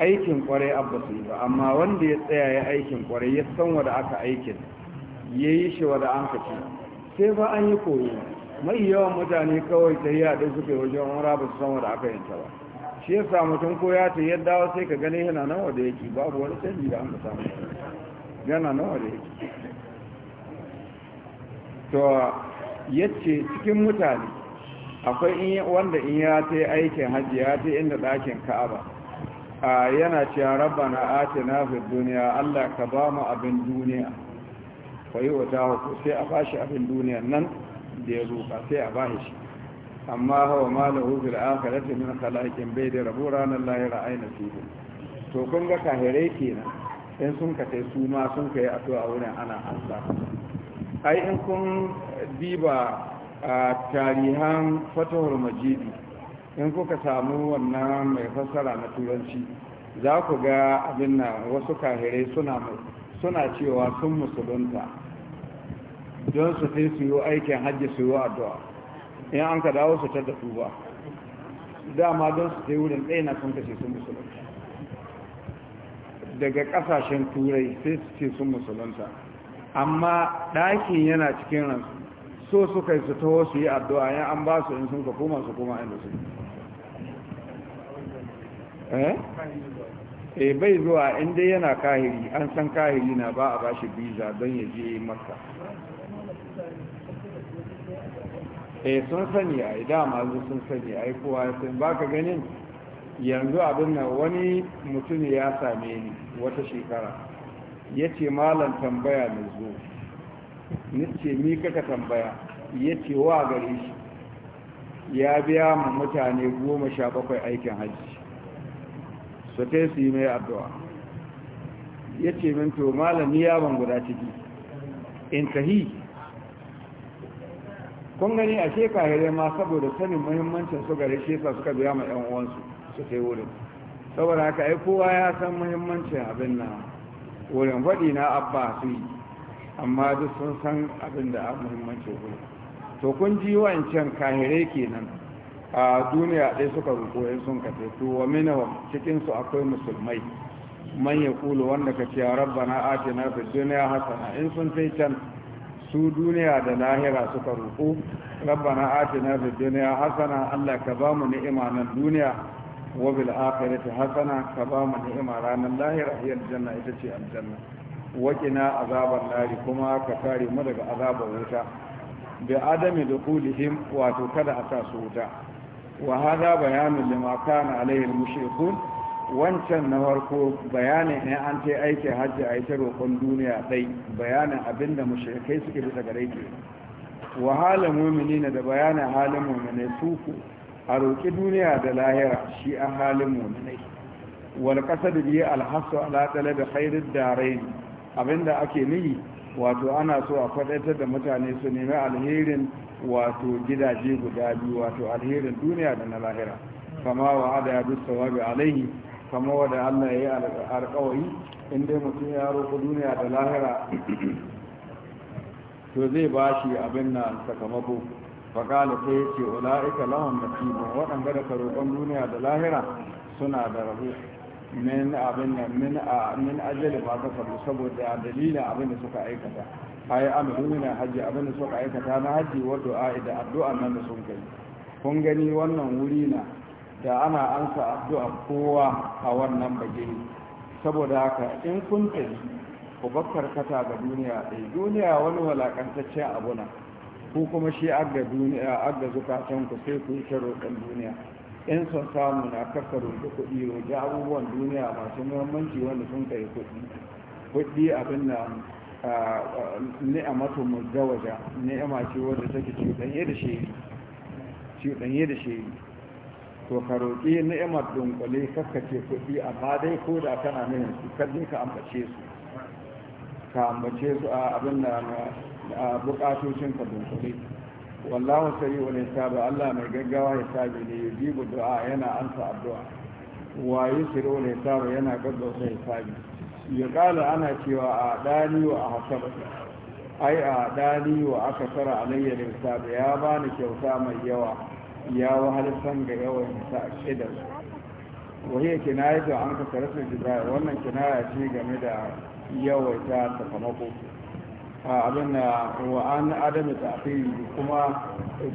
aikin kwarai abba su yi ba amma wanda ya tsaya ya aikin kwarai ya san wada aka aikin ya yi shi wada an kaci sai ba an yi koyi mai yawan mutane kawai ta yi haɗe suka yi wajen wara ba su san wada aka yanta ba shi ya samu tun koya ta yadda wa sai ka gani yana nan wada yake babu wani canji da an ka samu yana nan wada yake to ya ce cikin mutane akwai wanda in ya ta yi aikin hajji ya ta inda ɗakin ka'aba yana cewa rabbana na fid duniya, Allah ka ba mu abin duniya fa yi wata haku sai a bashi abin duniya nan da ya roƙa sai a bashi shi amma hawa malahu fil akhirati min khalaqin bai da rabu ranar lahira aina fihi to kun ga kahirai kenan in sun ka kai su ma sun kai a wurin ana ansa ai in kun diba a tarihan fatahul majidi in kuka samu wannan mai fassara na turanci za ku ga abin nan wasu kahirai suna cewa sun musulunta don su fi su yi aikin hajji su yi addu'a in an ka dawo su ta da tuba dama don su yi wurin ɗaya na sun kashe sun musulunta daga ƙasashen turai sai su ce sun musulunta amma ɗakin yana cikin ransu so suka yi su taho su yi addu'a yan an ba su in sun ka koma su koma inda su Eh? eh bai zuwa inda yana kahiri an san kahiri na ba a ba shi biza don ya je makka eh sun sani a dama sun sani a kowa ya Ba baka ganin yanzu abin nan wani mutum ya same ni wata shekara ya ce malam tambaya na zo nice mi kaka tambaya ya ce wa gare shi ya biya ma mutane goma sha bakwai aikin hajji su su yi mai addu'a ya ce min to malami yawon guda ciki in kahi kun gani a shekahire ma saboda sanin muhimmancin su gare shesa suka biya ma 'yan uwansu su ta wurin saboda haka aikowa kowa ya san muhimmancin abin na wurin faɗi na abba su yi amma duk sun san abin da muhimmancin wurin to kun ji wancan kahirai kenan a duniya ɗaya suka roƙo in sun kace to wa minhum cikin su akwai musulmai man ya kulu wanda ka ce rabbana atina fi dunya hasana in sun sai can su duniya da lahira suka roƙo rabbana atina fi dunya hasana Allah ka ba mu ni'ima nan duniya wa bil akhirati hasana ka ba mu ni'ima ranar lahira hiya aljanna ita ce aljanna wa qina azaban nari kuma ka kare mu daga azabar wuta bi adami dukulihim wato kada a sa su wuta wa hada bayanin lima kana alaihi mushrikun wancan na farko bayanin ne an ce aikin hajji a ita roƙon duniya ɗai bayanin abin da mushrikai suke bisa gare ke wa halin mumini ne da bayanin halin mumini su ku a roƙi duniya da lahira shi a halin mumini wal ƙasa da biyu alhassu alaƙala da hairar darai abin abinda ake nihi wato ana so a faɗaitar da mutane su nemi alherin wato gidaje guda biyu wato alherin duniya da na lahira kama wa ya dusta wabi alaihi kama wada Allah ya yi alkawari in dai mutum ya roƙo duniya da lahira to zai ba shi abin na sakamako fakala ta yi ce ula'ika lawan nasibu waɗanda da roƙon duniya da lahira suna da rabu min abin nan min ah, ajali ba ta saboda dalilin abin da suka aikata ai amalu hajji abin da suka aikata na hajji wa du'a da addu'a nan da sun kai kun gani wannan wuri na da ana ansa addu'a kowa a wannan bagini saboda haka in kun tafi ku bakkar kata ga duniya ɗaya, duniya wani walakantaccen abu na ku kuma shi agga duniya agga zukatan ku sai ku yi roƙon duniya in son samu na kaka roƙi kuɗi roƙi abubuwan duniya masu muhimmanci wanda sun kai kuɗi kuɗi abin da ni'amatu muzdawaja ni'ama ce wanda take cuɗanye da shi cuɗanye da shi to ka roƙi ni'imar dunkule kakkace kuɗi amma dai ko da kana nihin su kadin ka ambace su ka ambace su a abin da bukatocin ka dunkule wallahu sai wani sabi Allah mai gaggawa ya sabi ne yujibu du'a yana amsa addu'a wa yusiru ne sabi yana gaggawa sai sabi ya kala ana cewa a dani wa a hasar ai a dani wa aka tsara alayyar hisabi ya bani kyauta mai yawa ya wahal san ga yawan hisa wahiyar kinaya da an kasa rasu da wannan kinaya ce game da yawaita sakamako abin da adam ta fi kuma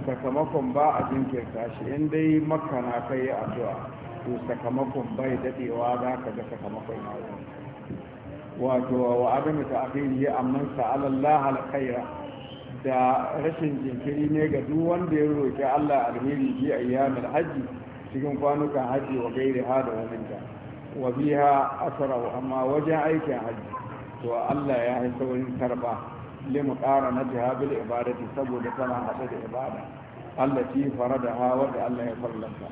sakamakon ba a jinkirta shi in dai makana kai addu'a to sakamakon bai dadewa za ka ga sakamakon yawon wato wa abin ta akhiri amma sa'ala Allah alkhaira da rashin jinkiri ne ga duk wanda ya roki Allah alheri bi ayyamil hajji cikin kwanukan hajji wa gairi ha da wannan ta wa biha asara amma wajen aikin hajji to Allah ya haisa wurin karba limu ƙara na jihabil ibadati saboda tana haɗe da ibada Allah ci faradaha wadda Allah ya farlanta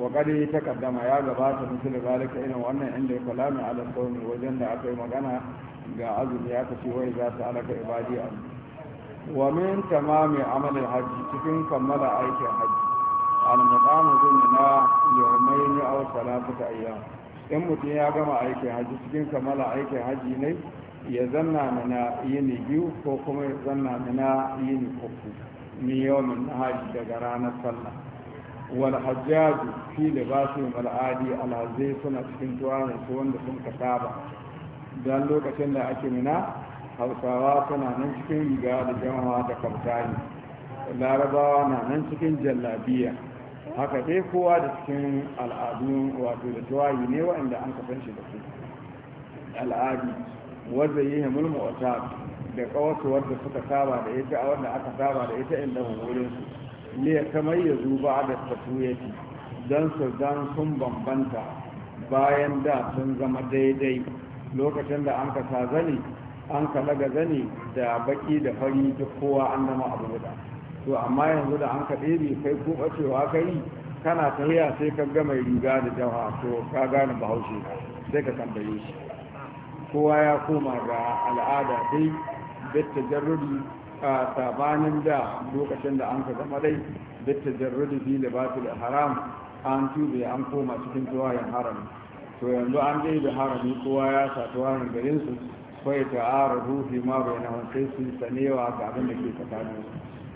wa kare ta kaddama ya gabata misali zalika irin wannan inda ya kula mai ala sauni wajen da akwai magana ga azumi ya kace wai za ta alaka ibadi a wa min tamami amalin hajji cikin kammala aikin hajji al-muqamu na yawmayn aw ta ayyam in mutum ya gama aikin hajji cikin kammala aikin hajji ne ya zanna mana yini biyu ko kuma ya zanna mana yini uku min yawmin haji daga ranar sallah wal hajjaju fi libasin al'adi alhazai suna cikin tuwanin su wanda sun ka saba Dan lokacin da ake mina hausawa suna nan cikin riga da jama'a da kamtani larabawa na nan cikin jallabiya haka dai kowa da cikin al'adu wato da tuwayi ne waɗanda an kasan shi da su al'adi wanda yi himul mu'ata da kawatuwar da suka saba da ita a wanda aka saba da ita inda wurin su ya kamar ya zuba da tatuyaci Dan su dan sun bambanta bayan da sun zama daidai lokacin da an ka sa zani an ka laga zani da baki da fari duk kowa an nama abu guda to amma yanzu da an ka ɗebe kai ko ɓacewa kai kana tafiya sai ka ga mai riga da jawa to ka gane bahaushe sai ka tambaye shi kowa ya koma ga al'ada dai bitta jarrudi a sabanin da lokacin da an ka zama dai da tajarrudu fi libatul haram an tube an koma cikin tuwayen harami to yanzu an dai da harami kowa ya sa tuwayen garin su ta ara ruhi ma bai na sai su sanewa ga abin da ke tsakanin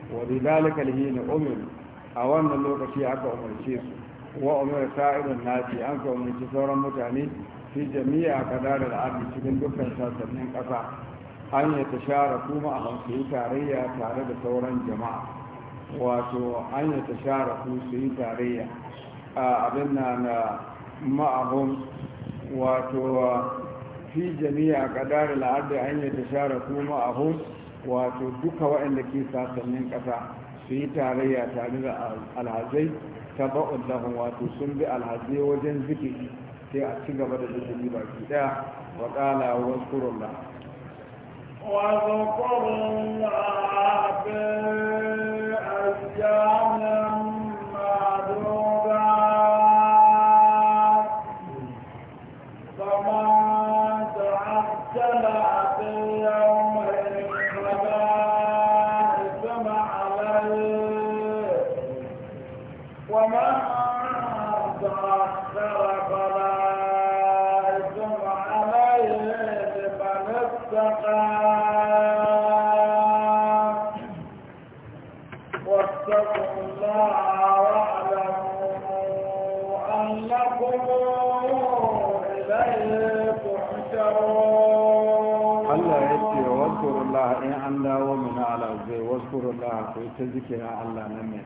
su wa bidalika alhina umar a wannan lokaci aka umarce su wa umar sa'idun nasi an ka umarci sauran mutane fi jami'a kadar da cikin dukkan sassanin kasa an yi tashara kuma a hansu tarayya tare da sauran jama'a wato an yi tashara ku su yi tarayya a abin na na ma'ahun wato fi jami'a kadar la'adda an yi tashara ku ma'ahun wato duka waɗanda ke sasannin ƙasa su yi tarayya tare da alhazai ta ba'un lahun wato sun bi alhazai wajen zikiri sai a ci gaba da zikiri baki ɗaya wa ƙala wasu kurullah واذكروا الله في أيام ta zikira Allah nan mai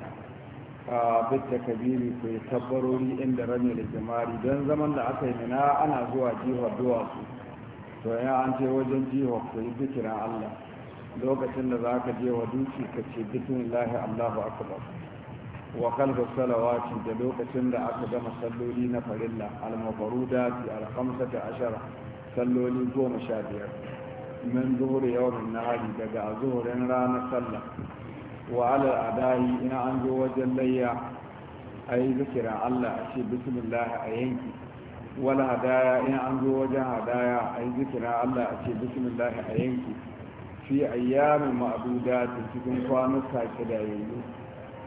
a bitta kabiri ku yi tabbarori inda rami da jimari don zaman da aka yi mina ana zuwa jihar duwatsu to ya an ce wajen jihar ku yi zikirin Allah lokacin da za ka je wa duki ka ce bismillahi Allahu akbar wa kalba salawati da lokacin da aka gama salloli na farilla almabaru, mafaruda fi al-khamsata ashara salloli goma sha biyar min zuhuri yawmin nahari daga zuhurin ranar sallah wa alal adahi ina an zo wajen layya a yi zikirin Allah a ce bismillah a yanki wala hadaya in an zo wajen hadaya a yi zikirin Allah a ce bismillah a yanki fi ayyamin ma'aduda ta cikin kwanuka kidayayyu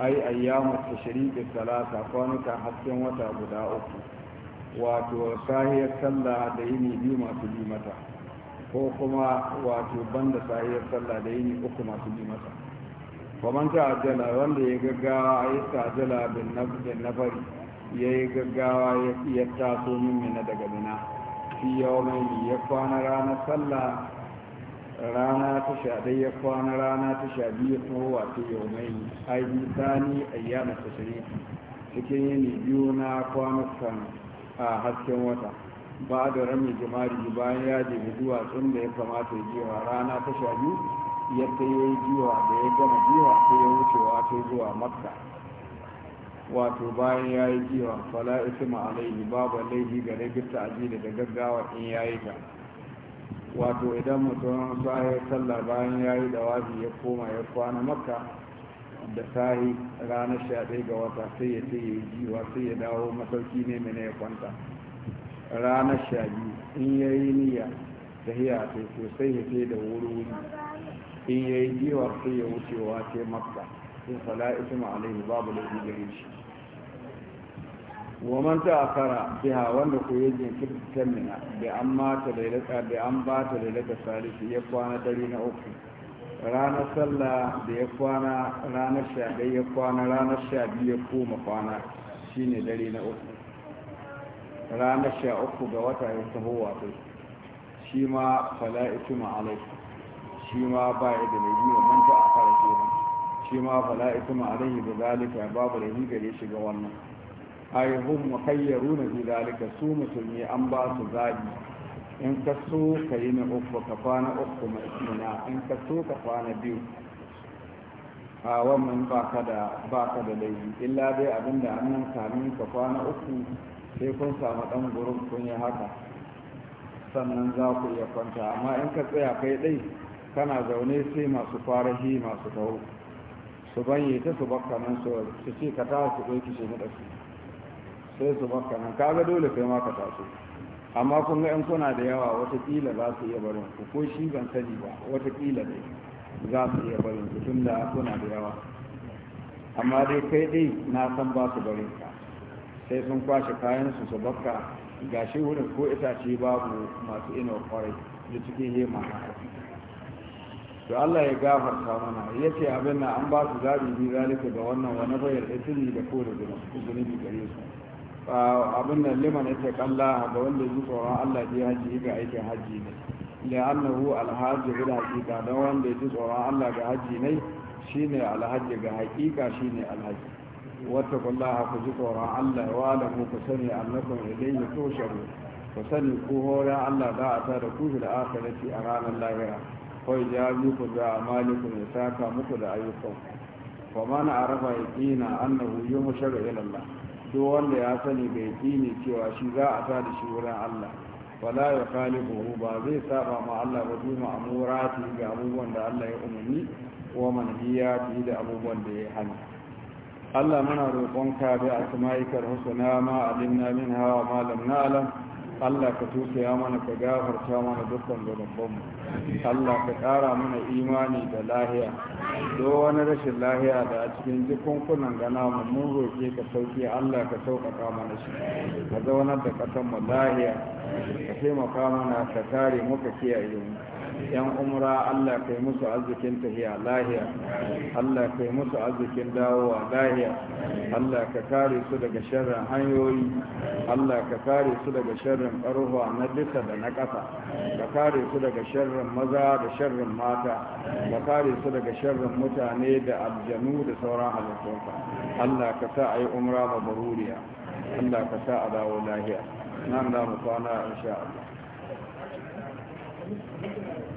ai ayyamu tashriqi salata kwanuka hasken wata guda uku wato sahiyar sallah da yini biyu masu bi mata ko kuma wato banda sahiyar sallah da yini uku masu bi mata kwaman ta'ajjala wanda ya gaggawa ya ta'ajjala bin nafari ya yi gaggawa ya taso min daga mina fi yau mai ya kwana rana sallah rana ta sha ya kwana rana ta sha biyu kuma wato yau mai aiki sani yana ta shiriki cikin yin biyu na kwanukan a hasken wata ba da rami jimari bayan ya jibi duwatsun da ya kamata ya jewa rana ta sha biyu ya ta yi jiwa da ya gama jiwa sai ya wuce wato zuwa makka wato bayan ya yi jiwa fala isma alaihi babu laifi ga rabita ajiyar da gaggawa in ya yi ta wato idan mutum sahiyar sallah bayan ya yi wazi ya koma ya kwana makka da sahi ranar sha ɗaya ga wata sai ya ce ya yi jiwa sai ya dawo masauki ne mene ya kwanta ranar sha biyu in ya yi niyya ta sai sosai ya ce da wuri wuri in ya yi giwar sai ya wucewa sai makka sun isu isma alaihi babu da gare shi wa man ta akara biha wanda ko ya jinkirta mina da an mata da ilaka da an ba ta da ilaka salisu ya kwana dare na uku ranar sallah da ya kwana ranar sha ya kwana ranar sha biyu ya koma kwana shine dare na uku ranar sha uku ga wata ya taho wato shi ma fala isma alaihi shi ma ba ya da mai yi wa manta a fara kenan shi ma fala ita ma alayhi da zalika babu da ni gare shi ga wannan ai hum muhayyaruna fi zalika su musulmi an ba su zabi in ka so ka yi na uku ka kwana uku mai suna in ka so ka kwana biyu a wannan baka da baka da laifi illa dai abinda annan kamin ka kwana uku sai kun samu dan gurin kun yi haka sannan za ku iya kwanta amma in ka tsaya kai dai kana zaune sai masu farahi masu taho su banye ta su baka nan su ce ka tawa su ɗauki shi na sai su baka nan ka ga dole kai ma ka taso amma kun ga yan kuna da yawa watakila za su iya barin ku ko shi ban sani ba watakila ne za su iya barin ku tun da kuna da yawa amma dai kai dai na san ba su barin ka sai sun kwashe kayan su su baka gashi wurin ko itace babu masu ina kwarai da cikin hema to Allah ya gafarta mana yace abin nan an ba su zabi bi zalika ga wannan wani bayar isini da ko da gina zunubi gare su abin nan liman yace kalla ga wanda ji tsoron Allah ya haji ga aikin haji ne annahu alhaji bil haqiqa da wanda ji tsoron Allah ga haji ne shine alhaji ga haqiqa shine alhaji wata kullaha ku ji tsoron Allah wa mu ku sani annakum ilayhi tusharu ku sani ku horan Allah da a ta da ku da akhirati a ranar lahira kawai ja ku da amalikun ya saka muku da ayyukan wa ma na arafa ya kina annahu yi mashar duk wanda ya sani bai kini cewa shi za a sa da shi wurin allah wala ya khalifu ba zai saba ma allah ba duma amurati ga abubuwan da allah ya umarni wa manhiyati da abubuwan da ya hana allah muna roƙonka bi asma'ikal husna ma alimna min hawa malam-na-alam. Allah ka tusaya mana ka gafarta mana dukkan zunubanmu Allah ka ƙara mana imani da lahiya do wani rashin lahiya da a cikin jikunkunan gana mu mun roƙe ka sauki Allah ka sauƙaƙa mana shi ka zaunar da ƙasar mu lahiya ka taimaka mana ka kare muka kiyaye mu yan umra Allah kai musu arzikin tahiya lahiya Allah kai musu arzikin dawowa lahiya Allah ka kare su daga sharrin hanyoyi Allah ka kare su daga sharrin ƙarfa na bisa da na ƙasa ka kare su daga sharrin maza da sharrin mata ka kare su daga sharrin mutane da aljanu da sauran halittunka Allah ka sa a yi umra baruriya Allah ka sa a dawo lahiya nan da mu kwana insha Allah